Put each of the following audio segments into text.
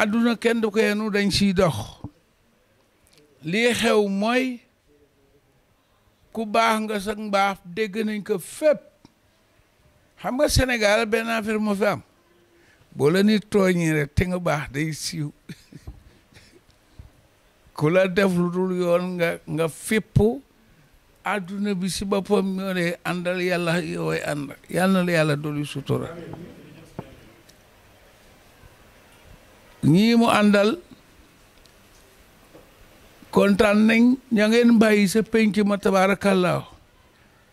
àdduna kenn du ko yenu dañ siy dox lii xew mooy ku baax nga sax mbaax dégg nañ ko fépp xam nga Sénégal benn affaire moo fi am boo la nit tooñi rek baax day siiw ku la def lu dul yoon nga fippu àdduna bi si boppam ñoo dee àndal yàlla yooy ànd yàlla na la yàlla dolli sutura ñii mu andal kontraning nañ ña ngeen bàyyi sa penc ma tabaarakallaahu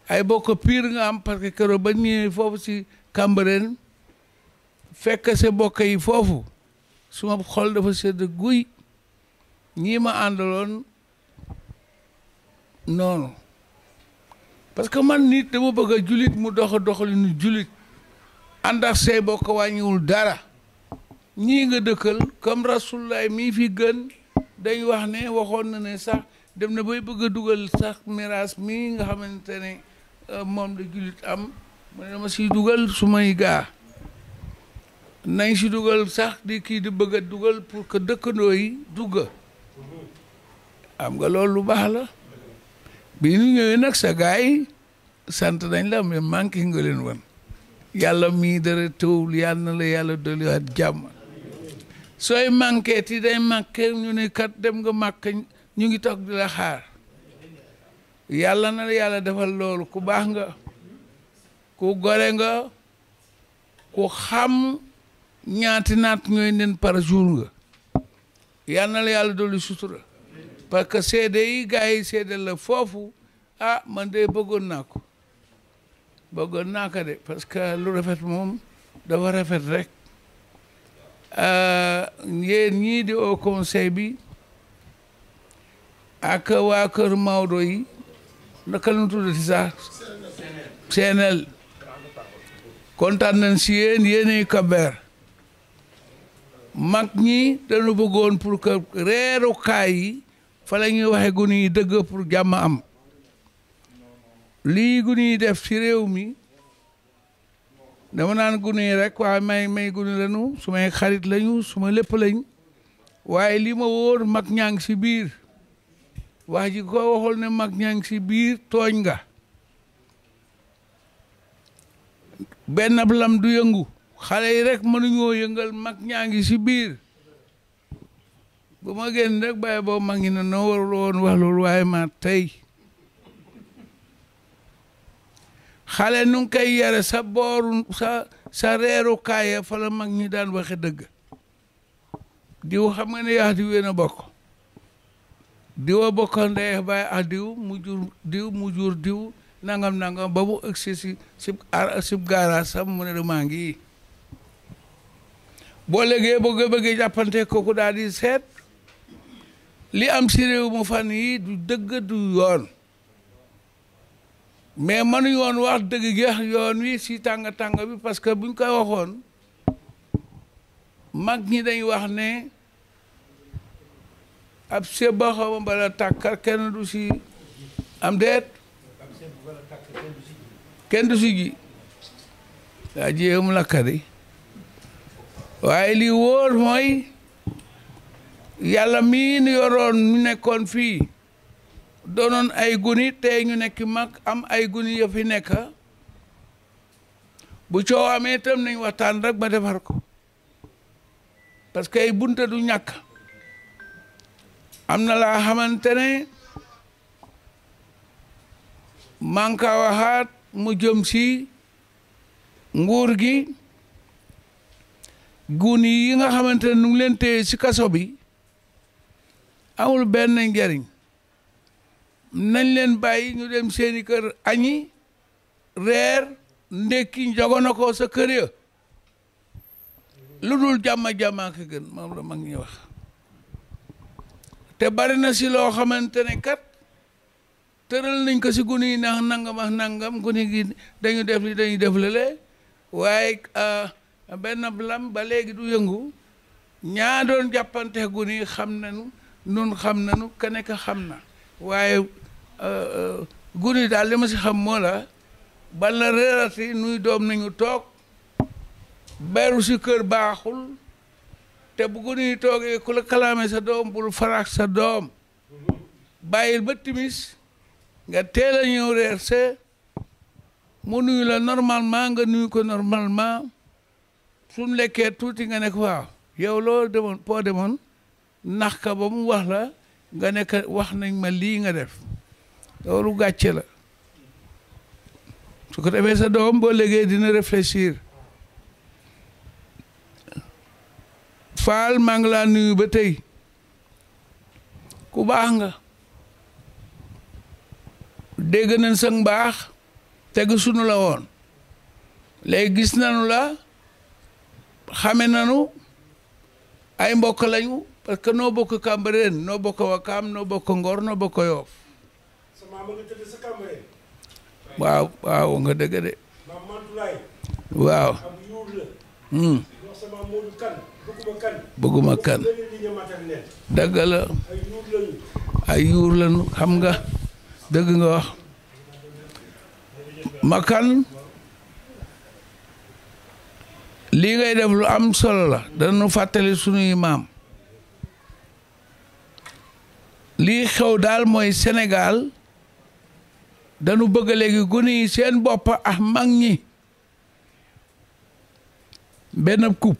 ay bokk pire nga am parce que kéro ba ñi foofu si kambaren fekk sa bokk yi foofu suma xol dafa sedd guy ñi ma àndaloon noonu parce que man nit dama bëgg julit mu dox doxalinu julit bokk wàññiwul dara ñi nga dëkkal comme rasulullah mi fi gën day wax ne waxoon na ne sax dem na bay bëgg dugal sax mirage mi nga xamante ne euh, moom la julit am mu ne ma si dugal sumay gaa nañ si dugal sax di kii di bëgg a dugal pour que dëkkandoo yi dugga am nga loolu lu baax la bi ñu ñëwee nag sa gaa yi sant nañ la mais manqué nga leen wan yàlla mii dara tëwul yàlla na la yàlla jàmm sooy manqué ti day manqué ñu ne kat dem nga màkk ñu ngi toog di la xaar yàlla na yàlla defal loolu ku baax nga ku gore nga ku xam ñaati naat ñooy nen par jour nga yàlla na la yàlla dolli sutura parce que seede yi gars yi seede la foofu ah man de bëggoon naa ko bëggoon naa ko de parce que lu rafet moom dafa rafet rek Euh, yéen ñii di au conseil bi ak waa kër Maodo yi naka la ñu tuddati sax CNL kontaan nañ si yéen yéenay Kaber mag ñi dañu bëggoon pour que reerukaay yi fa la ñuy waxe gune yi dëgg pour jàmm am lii gune yi def ci réew mi dama naan gune yi rek waa may may gune lañu su may xarit lañu su ma lépp lañ waaye lii ma wóor mag ñaa ngi si biir wax ji ko ne mag ñaa ngi si biir tooñ nga benn ab lam du yëngu xale yi rek mënuñoo yëngal mag ñaa ngi si biir bu ma génn rek bàyyi boo mag ñi ne noo warul woon waaye ma tey xale nu ngi koy yare sa booru sa sa reeru kaaya fa la mag ñi daan waxe dëgg diw xam nga ne yax di wéen bokk diw a bokkoon ndey baay ak ah, diw mu jur diw nangam nangam ba mu ëgsi si sib gaara sam mu ne maa ngi boo léegee bëgg bëggee jàppante kooku daal di seet li am si réew mu fan yi du dëgg du yoon mais mënuñu woon wax dëgg geex yoon wi si tàng tàng bi parce que ñu koy waxoon mag ñi dañ wax ne ab sebaxawa mbala tàkkar kenn du si am deet kenn du si ji daa jiyem lakkari waaye li wóor mooy yàlla mii yoroon mu nekkoon fii doonoon ay guni tey ñu nekk mag am ay guni yu fi nekk bu coow amee itam waxtaan rek ba defar ko parce que ay bunte du ñàkk am na laa xamante ne manka waxaat mu jëm si nguur gi guni yi nga xamante ne nu ngi leen téye si kaso bi awul benn njariñ nañ leen bàyyi ñu dem seeni kër añi reer ndekki njogono ko sa kër ya lu dul jàmma-jàmmaa ka gën moom la mag ñi wax te bari na si loo xamante ne kat tëral nañ ko si gune yi ndax nangam ak nangam gune gi dañu def li dañu def lale waaye ah, benn lam ba léegi du yëngu ñaa doon jàppante gune yi xam nañu nun xam nanu ka nekk xam na waaye Euh, euh, gun yi daal li ma si xam moo la bal na reerati nuy doom nañu toog beru si kër baaxul te bu gun yi toogee ku la kalaame sa doom bul faraak sa doom bàyyil ba timis nga teel a ñëw reer se mu nuyu la normalement nga nuyu ko normalement suñ lekkee tuuti nga nekk waaw yow loo demoon poo demoon nax ka ba mu wax la nga nekk wax nañ ma lii nga def loolu gàcce la su ko defee sa doom boo léegi dina réfléchir faal maa ngi laa ba tey ku baax nga dégg nañ baax teg sunu la woon léegi gis nañu la xame nañu ay mbok lañu parce que noo bokk Cambérène noo bokk Wakam noo bokk Ngor noo bokk Yoff waaw waaw nga dëgg de. waaw. Hmm. bëgguma kan. dëgg la. ay yuur lañu xam nga. dëgg nga wax. makan lii ngay def lu am solo la danañu fàttali sunuy maam. lii xew daal mooy senegaal dañu bëgg léegi gune yi seen bopp ah mag ñi benn coupe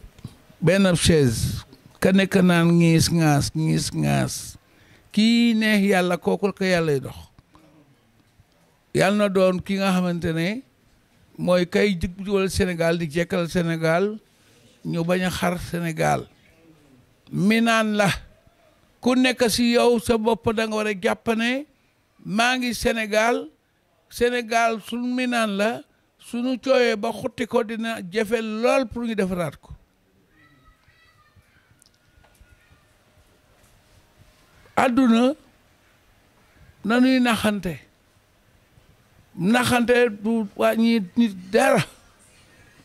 benn chaise ka nekk naan ngiis ngaas ngiis kii neex yàlla kooku ko yàllay dox yàlla na doon ki nga xamante ne mooy kay jubal Sénégal di jekkal Sénégal ñu bañ a xar Sénégal mi naan la ku nekk si yow sa bopp dang nga war a jàpp maa ngi Sénégal Sénégal suñ mi naan la sunu cooyee ba xutti ko dina jafe lool pour ñu defaraat ko àdduna nanuy naxante naxante du wàññi nit dara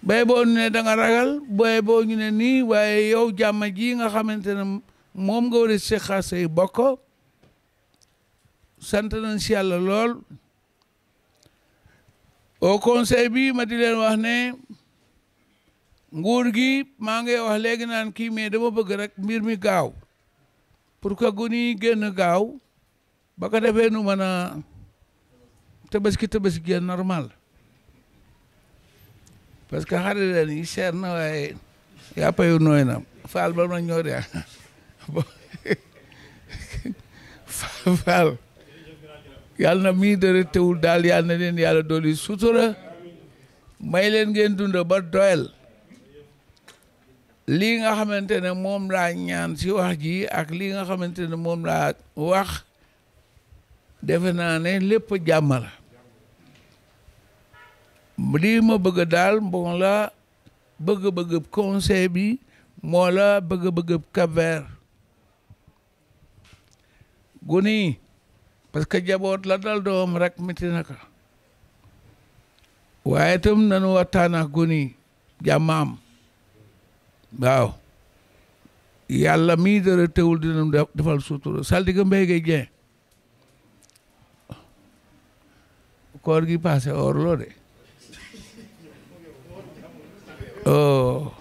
bay boo ñu ne da ragal bay boo ñu ne nii waaye yow jàmma ji nga xamante ne moom nga war a séqaa say bokk sant nañ si yàlla lool o conseil bi ma di leen wax ne nguur gi maa ngi wax léegi naan kii mais dama bëgg rek mbir mi gaaw pour que gun yi génn gaaw ba ko defee nu mën a tabaski tabaski génn normal parce que xar leen yi seer na waaye yàppa yu nooy na faal ba ma ñoor yàlla na mii dara tewul daal yàlla na leen yàlla doli sutura mayleen leen ngeen dund ba doyal lii nga xamante ne moom laa ñaan ci wax ji ak lii nga xamante ne moom laa wax defe naa ne lépp jàmm la ma bëgg daal mbon la bëgg-bëgg conseil bi moo la bëgg-bëgg Cap guni parce que jaboot la dal doom rek miti na waaye itam nanu waxtaan ak goni jàmmaam waaw yàlla mii dara teewul dinañ defal sutura saldiga mbéy gay jeen koor gi passé or loo de oh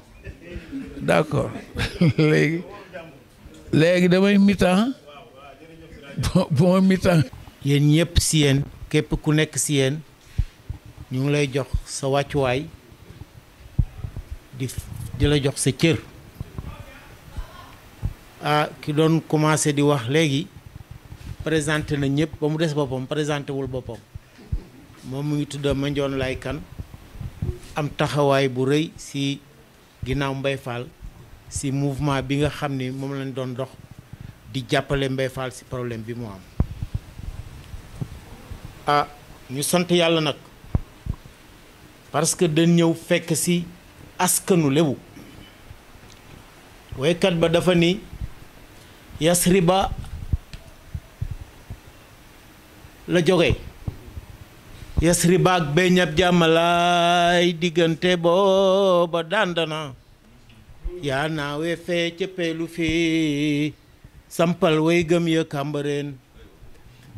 d'accord léegi léegi damay mitan bon bon mi temps yéen ñëpp si yéen képp ku nek ci yen ñu ngi lay jox sa way di di la jox sa cër ah ki doon commencé di wax legi, présenter na ñep ba mu dess bopom présenter wul bopom mom mu ngi tudd Mandione lay kan am taxaway bu reuy si ginaaw mbay Fall si mouvement bi nga xamni mom lañ doon dox di jàppale Mbaye si ci problème bi mu am ah ñu sant yàlla nag parce que dañ ñëw fekk ci askanu lebu woykat ba dafa ni yasriba la jóge yasriba ak beñab jàmmalaay diggante booba dandana yaa naawe fee cëppeelu fii sampal way gëm ya kàmbareen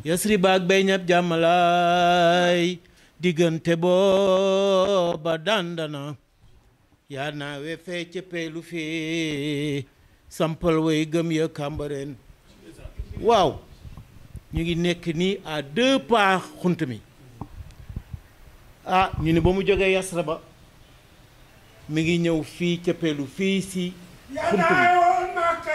yasriba ak bay ñab jàmmalaay diggante booba dandana yaa naa we fee cëppee fii sampal way gëm ya kàmbareen waaw ñu ngi nekk nii à deux pas xunt mi ah ñu ne ba mu jógee yasra ba mu ngi ñëw fii cëppeelu fii si yanaayoon màkka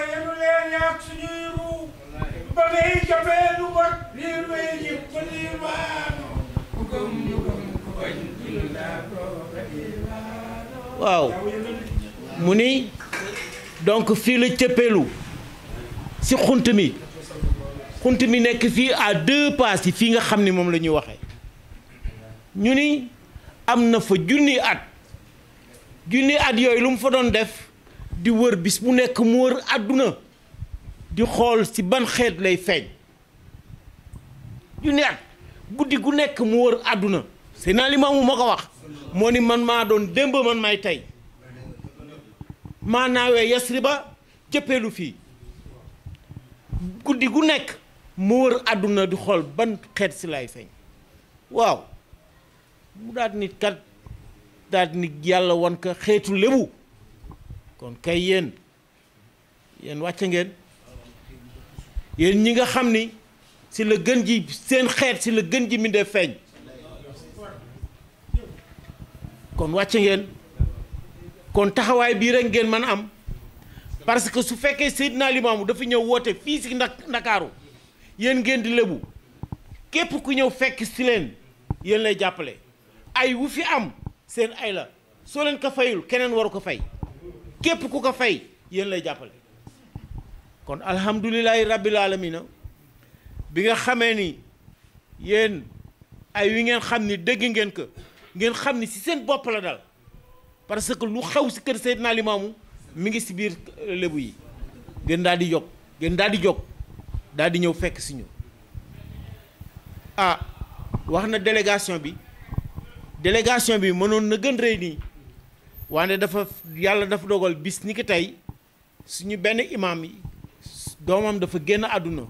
waaw mu ni donc fii la cëppeelu si xunt mi xunt mi nekk fii à deux yi fii nga xam ni moom la ñuy waxee ñu ni am na fa junni at junni at yooyu lu mu fa doon def di wër bis mu nekk mu wër àdduna di xool ci ban xeet lay feeñ yu ne guddi gu nekk mu wër àdduna seen naa limaamu moo ko wax moo ni man maa doon démb man may tey maa naawee yasriba jëppeelu fii guddi gu nekk mu wër àdduna di xool ban xeet si lay feeñ waaw mu daal nit kat daal nit yàlla wan ko xeetu lébu kon kay yéen yéen wàcc ngeen yéen ñi nga xam ni si la gën ji seen xeet si la gën ji mindee feeñ kon wàcc ngeen kon taxawaay bii rek ngeen mën a am parce que su fekkee Seydina Limaamu dafa ñëw woote fii si Ndakaaru yéen ngeen di lébu képp ku ñëw fekk si leen yéen lay jàppale ay wu fi am seen ay la soo leen ko fayul keneen waru ko fay képp ku ko fay yéen lay jàppale kon alhamdulilahi rabbil alamina bi nga xamee ni yéen ay wi ngeen xam ni dégg ngeen ko ngeen xam ni si seen bopp la dal parce que lu xew si kër Seydina Limaamu mi ngi si biir lébu yi gën daal di jóg gën daal di jóg daal di ñëw fekk si ñu ah wax na délégation bi délégation bi mënoon na gën rëy nii wante dafa yàlla dafa dogal bis ni ki tey suñu benn imaam yi doomam dafa génn àdduna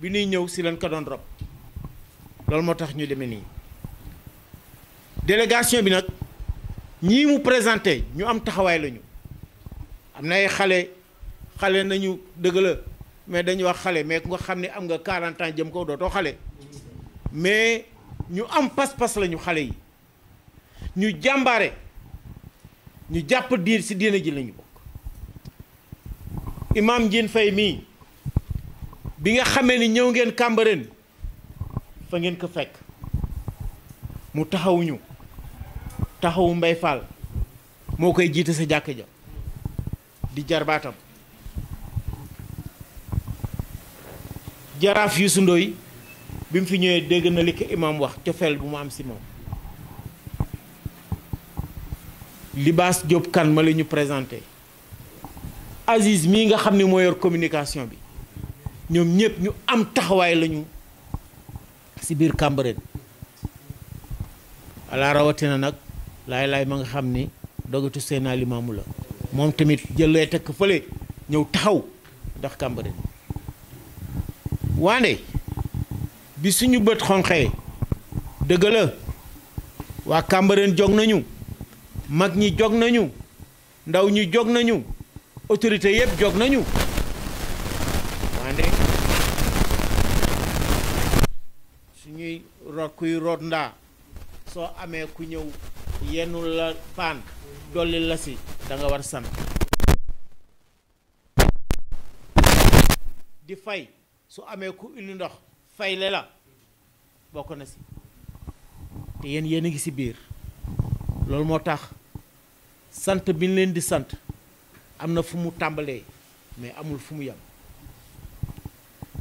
bi ñuy ñëw si leen ko doon rob loolu moo tax ñu demee nii délégation bi nag ñii mu présenté ñu am taxawaay lañu am na xale xale nañu dëgg mais dañuy wax xale mais ku nga xam ne am nga 40 jëm kaw dootoo xale mais ñu am pas-pas lañu xale yi ñu jàmbaare. ñu jàpp diir ci diina ji lañu bokk imaam Ndiéne Faye mii bi nga xamee ni ñëw ngeen Cambérène fa ngeen ko fekk mu taxaw ñu taxawu Mbay Fall moo koy jiite sa jàkk ja di jarbaatam jaraaf Youssou Ndoye bi mu fi ñëwee dégg na li ko imaam wax cofeel bu mu am si moom Libaas Diop kan ma la ñu présenté Aziz mii nga xam ne moo yor communication bi ñoom ñëpp ñu am taxawaay lañu ci biir Cambérène alaa rawatina nag laay laay ma nga xam ni dogatu Seydina Limaamu la moom tamit jëlee tekk fële ñëw taxaw ndax Cambérène waane bi suñu bët xonqee dëgg la waa Cambérène jog nañu mag ñi jog nañu ndaw ñi jog nañu autorité yëpp jog nañu wande suñuy root kuy root ndaa soo amee ku ñëw yennu la paan dolli la si danga nga war sant di fay su amee ku indi ndox fayle la bokk na si te yéen yéen a ngi si biir loolu moo tax sant bi leen di sant am na fu mu tàmbalee mais amul fu mu yem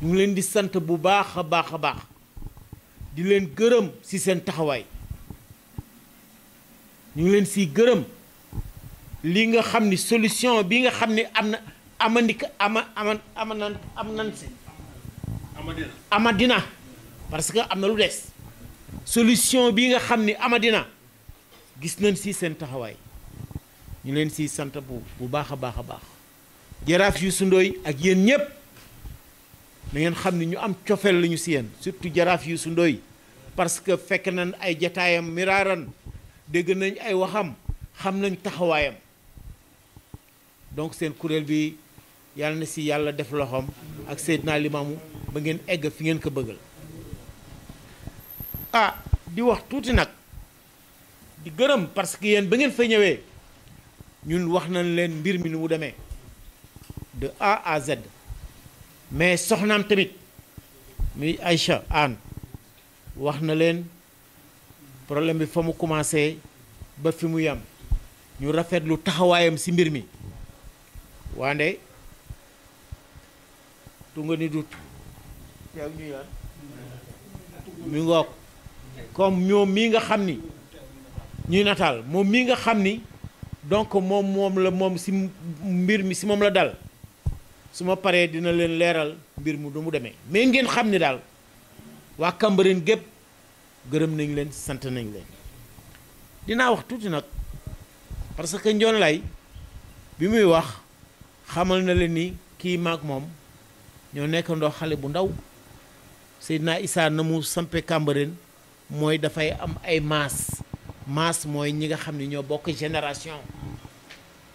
ñu ngi leen di sant bu baax a baax a baax di leen gërëm si seen taxawaay ñu ngi leen ciy gërëm li nga xam ni solution bi nga xam ni am na amandika ama ama ama am nan si parce que am na lu des solution bi nga xam ni amadina gis nañ ci seen taxawaay ñu leen ci sant bu bu baaxa baaxa baax a yu sundoy ak yeen ñëpp na ngeen xamni ñu am ciofel lañu ci yeen surtout jaraaf yu sundoy parce que fekk nañ ay jataayam miraran dégg nañ ay waxam xam nañ taxawayam donc seen kurel bi yalla na si yalla def loxom ak sayyidna limamu ba ngeen egg fi ngeen ko bëggal ah di wax tuti nak di gërëm parce que yeen ba ngeen fa ñëwé ñun wax nañ leen mbir mi nu mu demee de A à Z mais soxnaam tamit muy Aïcha Anne wax na leen problème bi fa mu commencé ba fi mu yam ñu rafetlu taxawaayam si mbir mi waande tu nga ni dut teew ñu yaan mi ngoog comme ñoom mii nga xam ni ñuy natal moom mii nga xam ni donc mom, mom, la mom, si mbir mi si mom la dal suma ma dina len léral mbir mu du démé demee mais ngeen xamni dal wa kambarin gep gërem nañ len sant nañ len dina wax tuuti nag parce que Ndione lay bi muy wax xamal na len ni ki mak mom ño nekk ndox xale bu ndaw Seydina isa namu sampé kambarin moy da fay am ay mas mas moy ñi nga xamni ño bok génération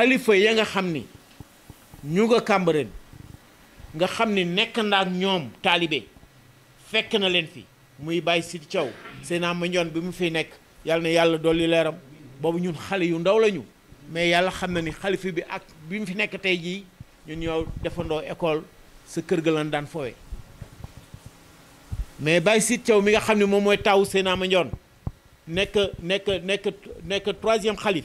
xalifa ya nga xam ni ñu nga Cambérène nga xam ni nekk na ak ñoom taalibe fekk na leen fi muy Baye Sidi Thiaw Seydina Mandione bi mu fiy nekk yàlla na yàlla dolli leeram boobu ñun xale yu ndaw lañu mais yàlla xam na ni xalifa bi ak bi mu fi nekk tey jii ñun ñoo defandoo école sa kër ga lañ daan foowe mais Baye Sidi Thiaw mi nga xam ne moom mooy taawu Seydina Mandione nekk nekk nekk nekk troisième xalif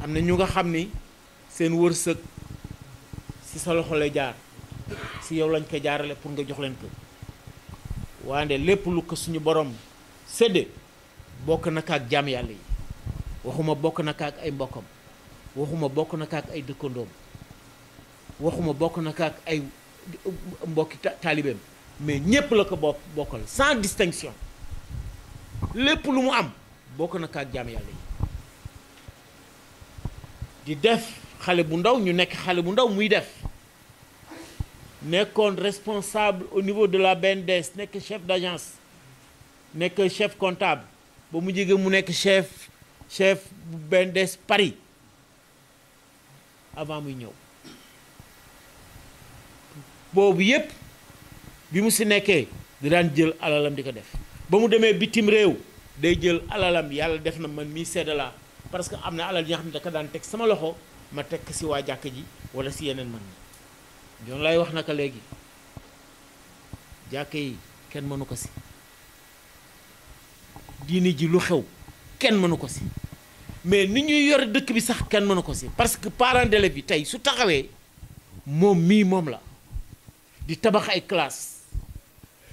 am na ñu nga xam ni seen wërsëg si sa loxo lay jaar si yow lañ ko jaarale pour nga jox leen ko waande lépp lu ko suñu borom sedd bokk na kaak jaam yàlla yi waxuma bokk na kaak ay mbokkam waxuma bokk na ay dëkkandoom waxuma bokk na ay mbokki taalibeem mais ñépp la ko bokk bokkal sans distinction lépp lu mu am bokk na kaak jaam yàlla yi di def xalé bu ndaw ñu nek xalé bu ndaw muy def nekkoon responsable au niveau de la BNDES nek chef d'agence nek chef comptable ba mu jige mu nek chef chef BNDES Paris avant muy ñew bobu yépp bi mu si nekkee di daan jël alalam di ko def ba mu demee bitim réew day jël alalam yàlla def na man mii sedda parce que am na alal yi nga xam ne da daan teg sama loxo ma teg si waa jàkk ji wala si yeneen man ñi yoon lay wax naka léegi jàkk yi kenn mënu ko si diine ji lu xew kenn mënu ko si mais ni ñuy yore dëkk bi sax kenn mënu ko si parce que parent d'élève bi tey su taxawee moom mii moom la di tabax ay classe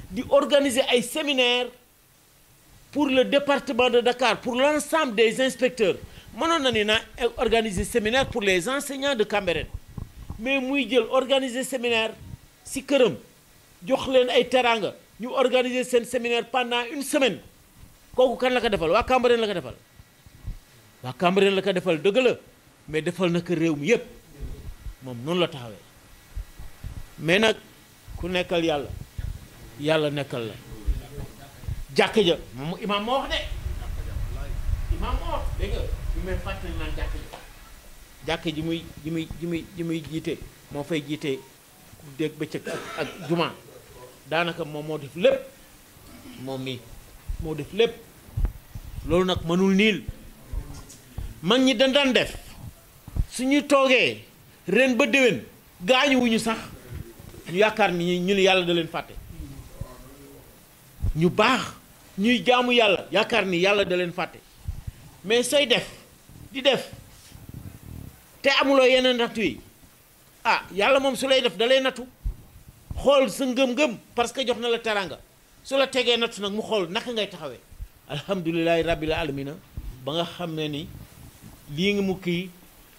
di organiser ay séminaire pour le département de Dakar, pour l'ensemble des inspecteurs. Maintenant, on a organisé séminaire pour les enseignants de Cameroun. Mais nous avons organisé séminaire, si Kerem, nous avons organisé un séminaire pendant une semaine. kooku kan la ko defal waa Cambérène la ko defal waa Cambérène la ko defal dëgg mais defal na ko réew mi yépp la taxawee mais nag ku nekkal yàlla yalla nekkal la jàkk ja moo wax de imaam moo ji muy ji muy ji muy jiite moo fay jiite dégg bëccëg ak juma daanaka moom moo def lépp moom mii moo def lépp loolu nag mënul niil mag ñi dañ daan def suñu toogee ren ba déwén gaañu sax ñu yaakaar ni ñu yàlla da leen fàtte ñu baax ñuy jaamu yàlla yaakaar ni yàlla da leen fàtte mais sooy def di def te amuloo yeneen nattu yi ah yàlla moom su lay def da lay nattu xool sa ngëm-ngëm parce que jox na la teranga su la tegee nattu nag mu xool naka ngay taxawee alhamdulilahi la alamina ba nga xam ne ni lii ngi mu kii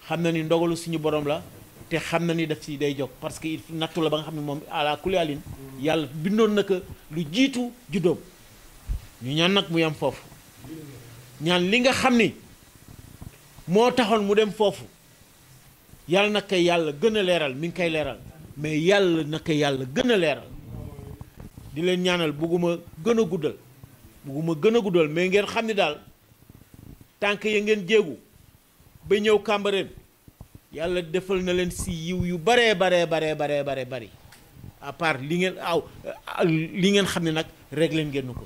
xam na ni ndogalu suñu borom la te xam na ni daf si day jox parce que nattu la ba nga xam ne moom àla kulli alin yàlla bindoon na ko lu jiitu juddoom ñu ñaan nag mu yam foofu ñaan li nga xam ni moo taxoon mu dem foofu yàlla na yàlla gën a leeral mi ngi koy leeral mais yàlla na koy yàlla gën a leeral di leen ñaanal bugguma gën a guddal bugguma gën a guddal mais ngeen xam ni daal tànk ya ngeen jéegu ba ñëw Cambérène yàlla defal na leen si yiw yu baree baree baree baree bare bari à part li ngeen aw li ngeen xam ne nag réglé ngeen ko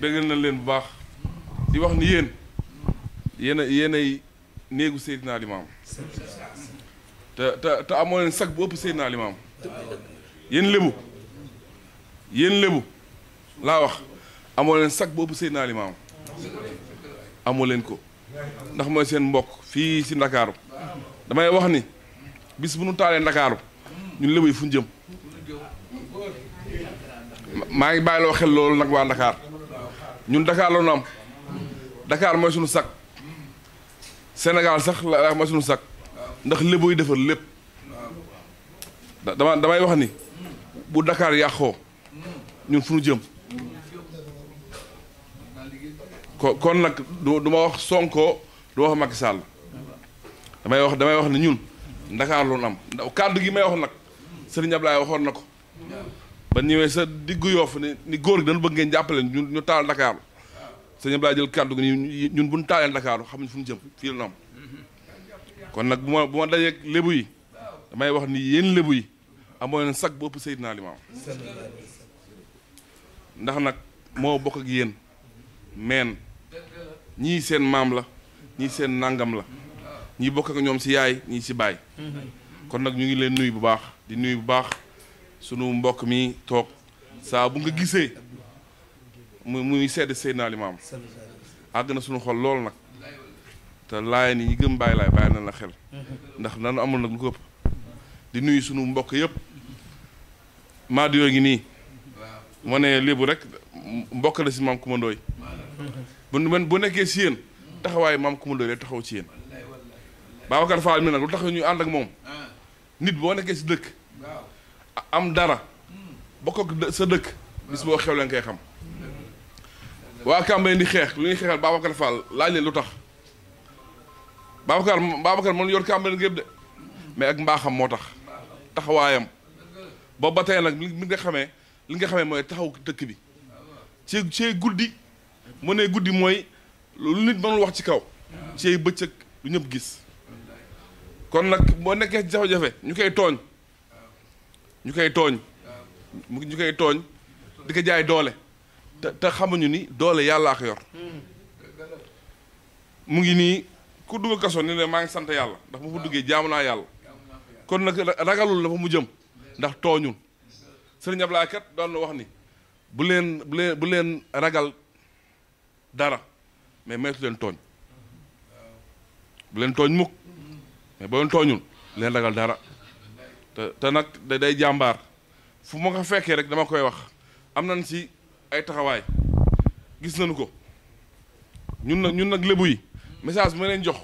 bégal na leen bu baax di wax ni yéen yéen a yéen ay néegu Seydina Limaam te te te amoo leen sag bu ëpp Seydina Limaam yéen lébu yéen lébu laa wax amoo leen sag bu ëpp Seydina Limaam leen ko ndax mooy seen mbokk fii si ndakaaru damay wax ni bis bu nu taalee ndakaaru ñun lébu yi fu ñu jëm maa ngi bàyyi loo xel loolu nag waa ndakaar ñun Dakar la ñu am Dakar mooy suñu sakk Sénégal sax la mooy suñu sakk ndax léboy defar lépp dama damay wax ni bu Dakar yàqoo ñun fu ñu jëm kon nag du ma wax Sonko du ma wax Macky Sall damay wax damay wax ni ñun Dakar la ñu am kàddu gi may wax nag Serigne Ablaye waxoon na ko. ba ñëwee sa diggu yoof ni ni góor gi dañu bëgg ngeen jàppale ñun ñu taal Dakar sëñ Abdoulaye jël kàddu gi nii ñun bu ñu taalee Dakar xam ne fu ñu jëm fii la am kon nag bu ma bu ma yi damay wax ni yéen lébu yi amoo leen sag bopp Seydina Limaamu ndax nag moo bokk ak yéen meen ñii seen maam la ñii seen nàngam la ñii bokk ak ñoom si yaay ñii si baay kon nag ñu ngi leen nuyu bu baax di nuyu bu baax. sunu mbokk mi toog saa bu nga gisee mu muy sedd Seydina Limaam àgg na sunu xol lool nag te laay ni ñi gëm bàyyi laay bàyyi na la xel ndax nanu amul nag lu ko di nuyu sunu mbokk yëpp maado yoo ngi nii ma ne rek mbokk la si maam Coumba Ndoye bu man nekkee si yéen taxawaay maam Coumba Ndoye taxaw si yéen Babacar Fall mi nag lu tax ñu ànd ak moom ah. nit boo nekkee si dëkk am dara bokk ak sa dëkk bis boo xew leen koy xam waa Cambérène ni xeex lu ñuy xeexal Babacar Fall laaj leen lu tax Babacar Babacar mën yor Cambérène gépp de mais ak mbaaxam moo tax taxawaayam boobu ba tey nag li nga xamee li nga xamee mooy taxaw dëkk bi guddi mu ne guddi mooy lu nit mënul wax ci kaw ci bëccëg lu ñëpp gis kon nag boo nekkee ci jafe-jafe ñu koy tooñ ñu koy tooñ ñu koy tooñ di ko jaay doole te xamuñu ni doole yàlla ak yor mu ngi nii ku dugg kaso ni ne maa ngi sant yàlla ndax mu fa duggee jaamu naa yàlla kon nag ragalul la fa mu jëm ndax tooñul sëriñ Ablaye kat doon na wax ni bu leen bu leen ragal dara mais maytu leen tooñ bu leen tooñ mukk mais boo leen tooñul leen ragal dara te nag day jàmbaar fu ma ko fekkee rek dama koy wax am nañ ci ay taxawaay gis nañu ko ñun nag ñun nag lébu yi message bi ma jox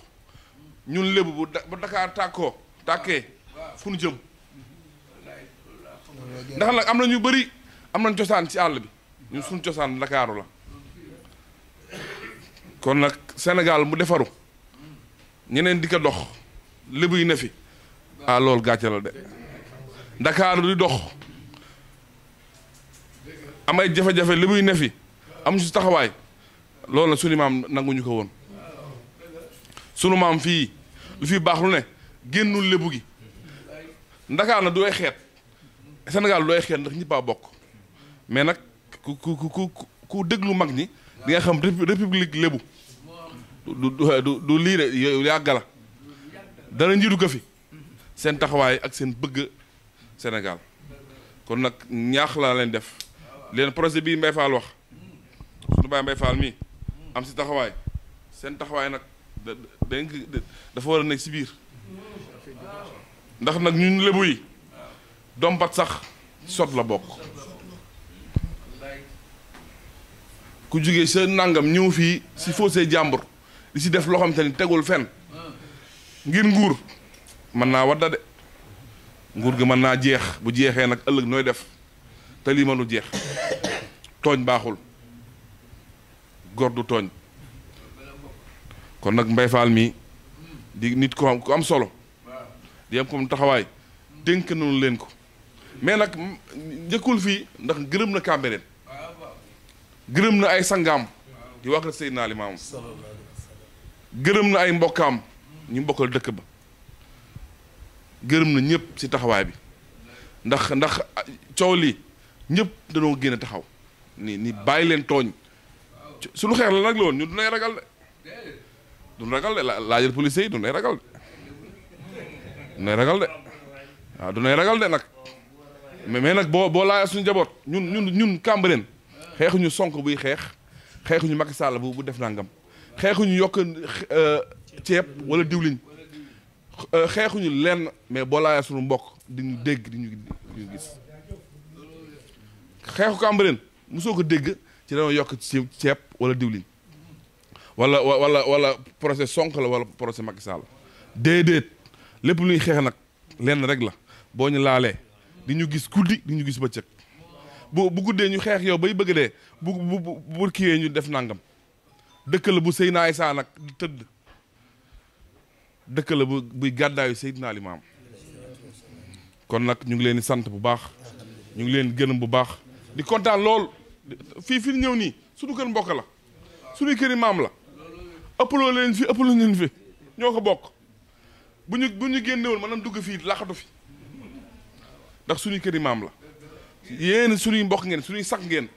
ñun lébu bu bu Dakar tàkkoo tàkkee fu nu jëm ndax nag am na ñu bari am nañ cosaan ci àll bi ñu suñ cosaan Ndakaaru la kon nag senegal mu defaru ñeneen di ko dox lébu yi ne fi ah loolu gàcce de Dakar di dox am ay jafe-jafe li muy ne fi am si taxawaay loolu la sunu maam nanguñu ko woon sunu maam fii lu fi baax lu ne génnul lébu gi Dakar na du ay xeet Sénégal du ay xeet ndax ñëpp bokk mais nag ku ku ku ku déglu mag ñi di nga xam république lébu du du lii de yàgg la dara njiitu ko fi seen taxawaay ak seen bëgg. Sénégal kon nag ñaax laa leen def leen projet bii Mbaye Fall wax suñu baay Mbaye Fall mii am si taxawaay seen taxawaay nag da dafa war a nekk si biir ndax nag ñun lébu yi dompat sax sot la bokk ku jóge sa nangam ñëw fii si fossé jàmbur di si def loo xam te ni tegul fenn ngir nguur mën naa wadda de nguur gi mën naa jeex bu jeexee nag ëllëg nooy def te lii mënul jeex tooñ baaxul gor du tooñ kon nag Mbay Faal mi di nit ko am ku am solo di am comme taxawaay dénk nañu leen ko mais nag njëkkul fii ndax gërëm na Cambérène gërëm na ay sangaam di wax la Seydina Limaamu gërëm na ay mbokkaam ñu mbokkal dëkk ba gërëm na ñëpp ci taxawaay bi ndax ndax coow lii ñëpp dañoo génn taxaw ni ni bàyyi leen tooñ suñu xeex la nag la ñun dunay ragal de ragal de laajal policiers yi dunay ragal de dunay ragal de waaw dunay ragal nag mais mais nag boo boo laajal suñu jaboot ñun ñun ñun xeexu ñu sonk buy xeex xeexuñu Macky Sall bu bu def nangam xeexuñu yokk eh, ceeb wala diwliñ Euh, xeexuñu lenn mais boo laajee suñu mbokk di ñu dégg di ñu gis xeexu Cambérène mosoo ko dégg ci dañoo yokk ci ceeb wala diwlin wala walla wala procès Sonko la wala procès Macky Sall déedéet lépp luy xeex nag lenn rek la boo ñu laalee di ñu gis guddi di ñu gis ma bëccëg bu bu guddee ñu xeex yow bay bëgg dee bu bu bu kiiwee ñu def nangam dëkk la bu sëy naay saa nag tëdd. dëkk la bu buy gàddaayu Seydina Limaam kon nag ñu ngi leen di sant bu baax ñu ngi leen di bu baax di kontaan lool fii fi ñëw nii sunu kër mbokk la suñu këri maam la ëppaloo leen fi ëppaloo leen fi ñoo ko bokk bu ñu bu ñu génnewoon maanaam dugg fii laxatu fi ndax suñu yi maam la yéen suñuy mbokk ngeen suñuy sak ngeen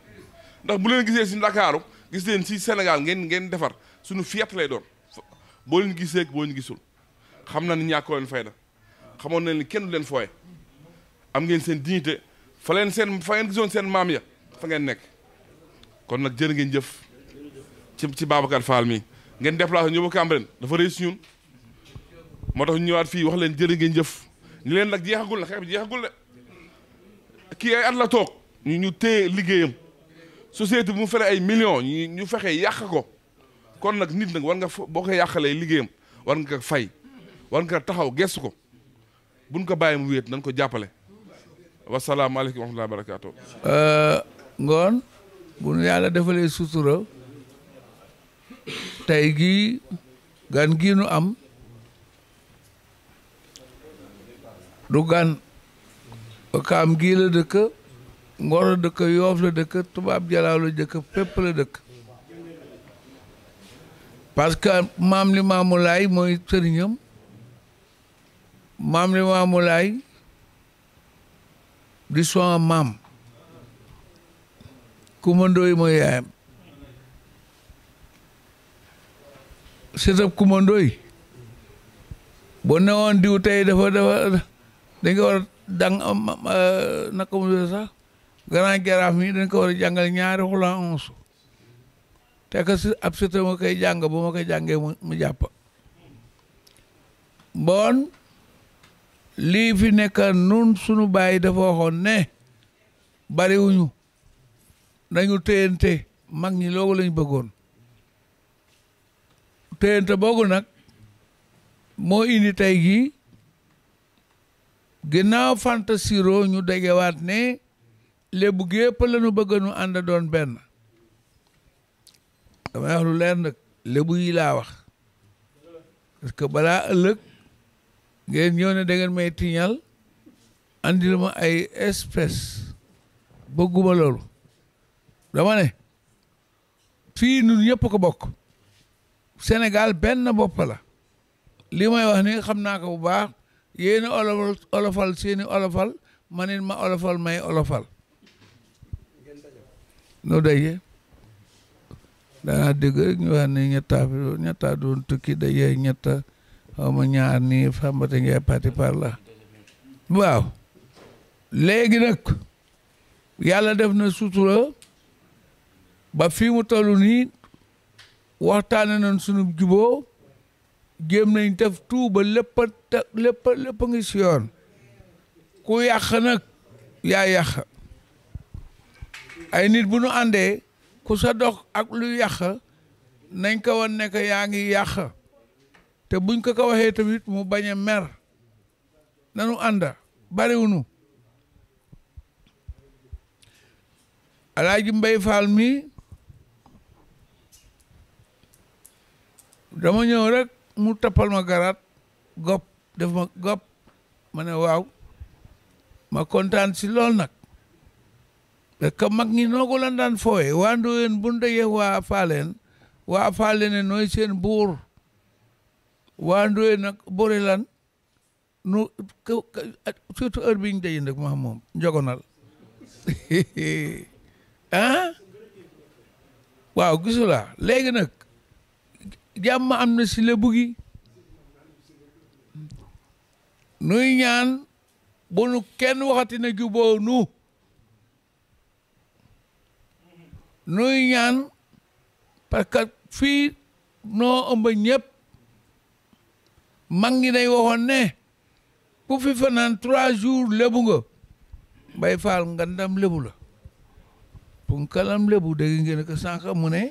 ndax bu leen gisee si Ndakaaru gis leen si Sénégal ngeen ngeen defar suñu fiyat lay doon boo leen gisee boo ñu gisul xam na ni ñàkkoo leen fayda xamoon na ni kenn du leen fooye am ngeen seen dignité fa leen seen fa ngeen gisoon seen maam ya fa ngeen nekk kon nag jër ngeen jëf ci ci Babacar Fall mi ngeen déplacé ñëw ba Cambérène dafa réussi ñun moo tax ñu ñëwaat fii wax leen jërë ngeen jëf ñu leen nag jeexagul la xeex bi jeexagul de kii ay at la toog ñu ñu liggéeyam société bu mu fere ay millions ñu ñu fexe yàq ko kon nag nit nag war nga boo ko yàqalee liggéeyam war fay war nga taxaw gestu ko buñ ko bàyyi mu wéet nañ ko jàppale wasalaamaaleykum wa rahmatulah barakaatu. Euh, ngoon bu nu yàlla defalee sutura tey gii gan gii am du gan kaam gii la dëkk ngor la dëkk yoof la dëkk tubaab jalaaw la dëkk fépp la dëkk parce maam li maamu laay mooy sëriñam Mam ni wa mulai. This one mam. Kumandoi mo ya. Set up kumandoi. Bona on diutay dafa dafa dañ ko war dang eh, na naka mu sax grand jaraaf mi dañ ko war a jàngal ñaari xulaa onze te que si ab sita ma koy jàng bu ma koy jàngee mu jàpp bon lii fi nekk nun sunu baay dafa waxoon ne bariwuñu nañu téyante mag ñi loogu lañ bëggoon téyante boogu nag moo indi tey gii ginnaaw fantasiro ñu degewaat ne lébu gépp la ñu bëgg nu ànd doon benn damay lu leer nag lébu laa wax parce balaa ëllëg ngeen ñëw ne da ngeen may tiñal andil ma ay espèce bëgguma loolu dama ne fii nun ñëpp ko bokk senegal benn bopp la lii may wax ni xam naa ko bu baax yéen olofal olofal seeni olofal manin ma olofal may olofal nu daje daanaa dégg rek ñu ne ñetta ñetta doon tukki daje ñetta xaw ñaar nii Fambata Ndiaye parti waaw léegi nag yàlla def na sutura ba fii mu toll nii waxtaane noon sunu juboo jéem nañ def tout ba lépp a ngi si yoon ku yàq nag yaa yàq ay nit bu nu àndee ku sa dox ak lu yàq nañ ko wan ne yaa ngi yàq te buñ ko ko waxee tamit mu bañ a mer nanu ànda bariwunu alaaji mbay faal mi dama ñëw rek mu tappal ma garaat gopp def ma gopp ma ne waaw ma kontaan si lool nag parce que mag ñi noogu lan daan fooe waa Ndoyeen bu ñu dajee waa Faaleen waa Faaleen nooy seen buur waa Ndoye nag boole lan nu surtout heure bi ñu daje nag ma moom njogonal ah waaw gisula léegi nag jàmm am na si bugi gi nuy ñaan bu nu kenn waxati na juboo nu nuy ñaan parce que fii noo ëmb ñëpp mag ñi day waxoon ne ku fi fanaan trois jours lébu nga mbay faal ngandam lébu la punkalam lébu dégg ngeen ko sànq mu ne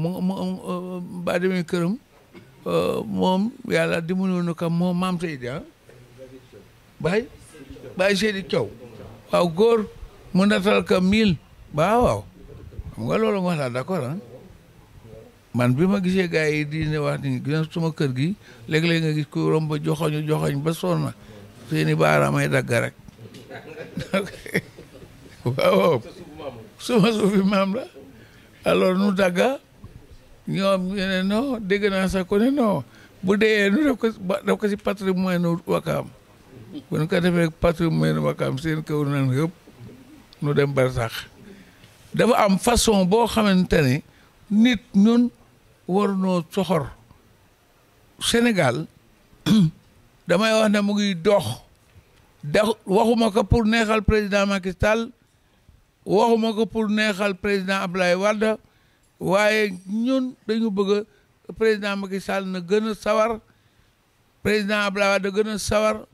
mu mu ba demee këram moom yàlla dimbali woon ko moom maam Seydi ah bay bay Seydi Thiaw waaw góor mu natal ka mille waaw waaw xam nga loolu nga wax d'accord ah man bi ma gisee gars yi di wax ni gis suma kër gi léeg-léeg nga gis ku romb joxoñu joxoñ ba sonn seeni baaraamay dagg rek suma suufi maam la alors nu dagga ñoom ñu ne non dégg naa sax ko ne non bu dee nu def ko def ko si patrimoine wakaam bu ñu ko defee patrimoine wakaam seen kaw nan yëpp nu dem bar sax dafa am façon boo xamante ne nit ñun warunoo soxor Sénégal damay wax ne mu ngi dox da waxuma ko pour neexal président Macky Sall waxuma ko pour neexal président Abdoulaye Wade waaye ñun dañu bëgg président Macky Sall na gën a sawar président Abdoulaye Wade gën a sawar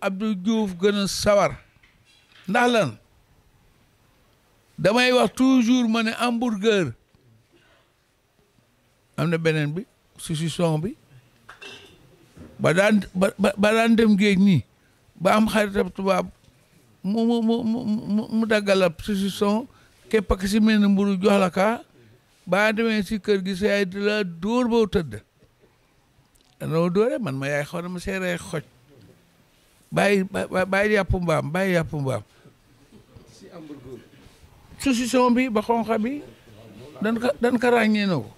Abdou Diouf gën a sawar ndax lan damay wax toujours ma ne hamburger am na beneen bi saucisson bi ba daan ba ba daan dem géej nii ba am xaritab tubaab mu mu mu mu mu daggalab saucisson képp ak si mel ni mburu jox la kaa baa demee si kër gi sa yaay di la dóor boo tëdd danoo dóore man ma yaay xaw na ma seeree xoj bàyyi bàyyi yàpp mbaam bàyyi yàpp mbaam saucisson bi ba xonxa bi dan ko dan ko ràññee na ko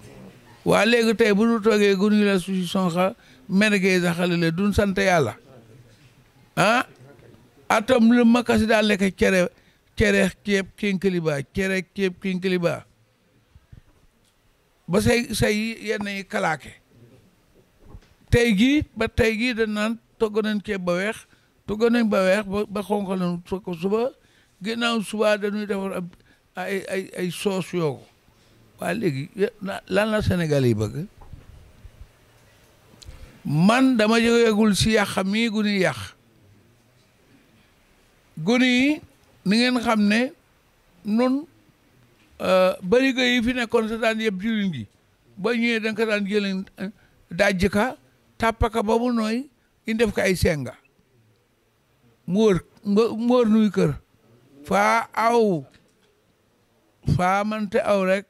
waa léegi tey bu ñu toogee gunu la suñu sonxa merguez a xale la duñ sant yàlla atom ah, atam lu ma kasi daal lekk cere cere ceeb kinkiliba cere ceeb kinkiliba ba say say yenn yi kalaake tey jii ba tey jii dañ naan togg nañ ceeb ba weex togg nañ ba weex ba xonq nañ ko suba ginnaaw suba dañuy defar ay ay ay soos waa léegi eh, lan la Sénégal yi bëgg man dama jógeegul si yàq mii guni yàq guni yi ni ngeen xam ne nun euh, bariga yi fi nekkoon sa daan yëpp juriñ gi ba ñëwee da nga ko daan jëlee eh, dajj ka tàppaka ba mu nooy i def ko ay senga mu wër mu wër nuy kër faa aw faa mante aw rek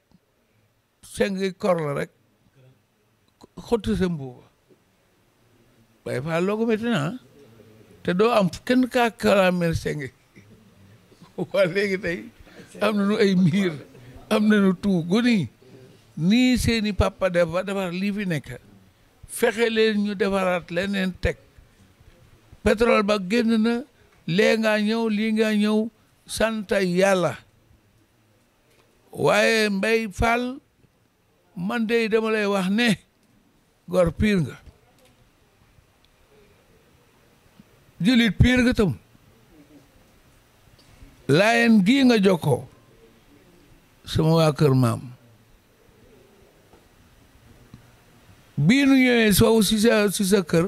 seng yi kor la rek xotti sa mbuuba waaye faa loogu métti te doo am kenn kaa kalaamel seng waa léegi tey am nañu ay miir am nañu tout goni nii seeni papa def ba defar lii fi nekk fexe leen ñu defaraat leneen teg petrol ba génn na lee ngaa ñëw lii ngaa ñëw sant yàlla waaye Mbay Fall man dey dama lay wax ne gor piir nga jullit piir nga tam laayen gii nga jokkoo sama waa kër maam bii nu ñëwee soow si sa kër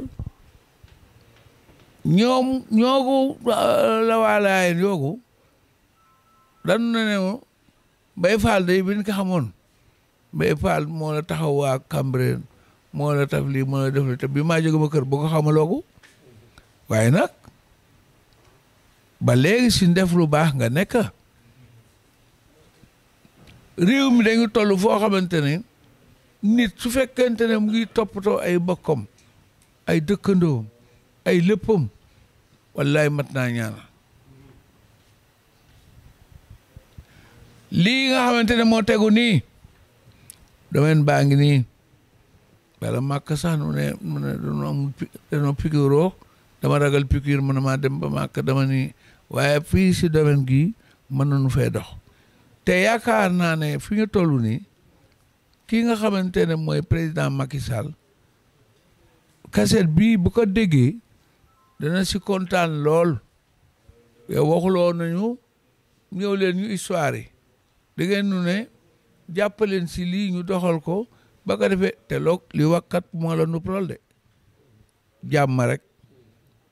ñoom ñoogu ah, la waa yoogu danu na ne bay faal day bin ko xamoon Mbaye Fall moo la taxaw waa Cambérène moo la taf lii moo la def lii te bi maa jóge ma kër boo ko xamaloogu waaye nag ba léegi si def lu baax nga nekk réew mi dañu toll foo xamante ne nit su fekkente ne mu ngi toppatoo ay bokkam ay dëkkandoom ay léppam wallaay mat naa ñaanal lii nga xamante ne moo tegu nii domen baa ngi nii bala màkk sax nu ne ne dañoo am dama ragal piqûre mu ma maa dem ba màkk dama ni waaye fii si domaine gi mën nañu fee dox te yaakaar ne fi ñu nga Macky Sall bu ko dana si kontan lool ya waxuloo nañu ñëw leen ñu histoire ngeen nu ne jàppaleen si li ñu doxal ko ba ka defé té lok li wakkat mo la nu prol dé jamm rek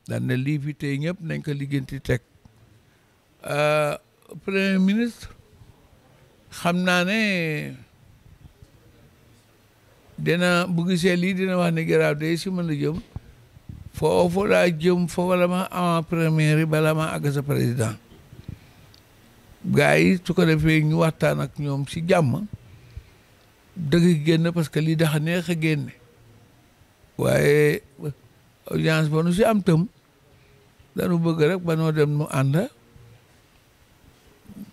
daan na li fi tey ñep nañ ko liggéenti euh premier ministre xamna né dina bu gisé li dina wax né garaaw dé ci mëna jëm fo fo la jëm fo wala ma en première bala ma président gaay su ko defee ñu waxtaan ak ñoom si jàmm dëgg génn parce que li dafa neex a génne waaye audience ba nu si am tëm danu bëgg rek ba noo dem nu ànd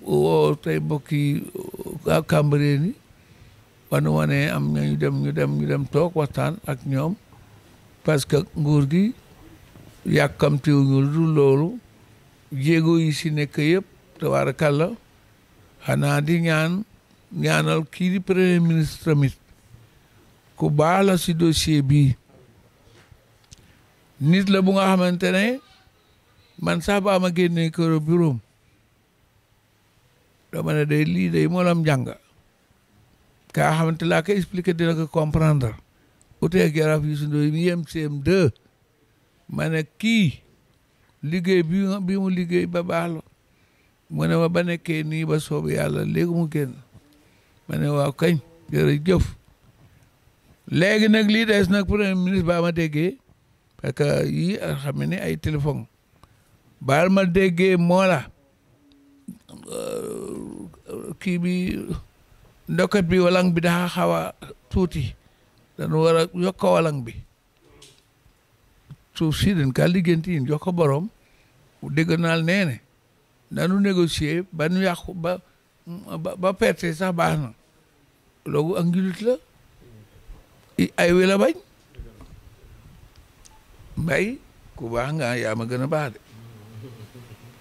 woo tey mbokki Cambérène ni ba nu wanee am ñu dem ñu dem ñu dem toog waxtaan ak ñoom parce que nguur gi yàkkamtiwuñu lu dul loolu jéego yi si nekk yépp tabarakalla xanaa di ñaan ñaanal al di premier ministre tamit ko bala si dossier bi, nit la bu nga xamante ne man sax ba ma génne këro bureau dama ne day li day moolam jàng ka xamante laa ke expliqué dina ko comprendre uteeg gera yi sundoo yi yem CM2 ma ne ki liggéey bi bi mu liggéey ba mu ne ma ba nekkee nii ba soobu yàlla léegi mu génn ma ne waaw kañ jërëjëf léegi nag lii des nag premier ministre baa ma déggee parce que yii xam ne ay téléphone baal ma déggee moo la euh, kii bi ndokkat bi walang bi daxa xaw a tuuti dañu war a yokk walang bi suuf si dañ kaa liggéenti yin jox ko borom dégg naal nee nanu négocier ba nu yàqu ba ba perte sax baax na loolu ak njulit ay wi la bañ mbay ku baax nga yaa ma gën a baax de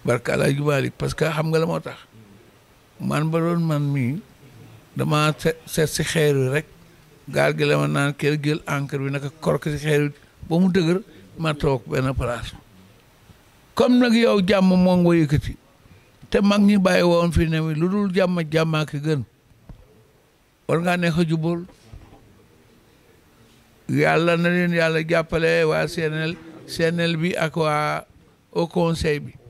barka laa jubalik parce que xam nga la moo tax man ba doon man mii dama seet si xeer rek gaal gi la ma naan kër gël encre bi na kork si xeer wi ba mu dëgër ma toog benn place comme nag yow jàmm moo nga yëkkati te mag ñi bàyyi woon fi ne lu dul jàmm jàmmaa ki gën war ngaa neex a jubóol yàlla na leen yàlla jàppale waa CNL CNL bi ak waa au conseil bi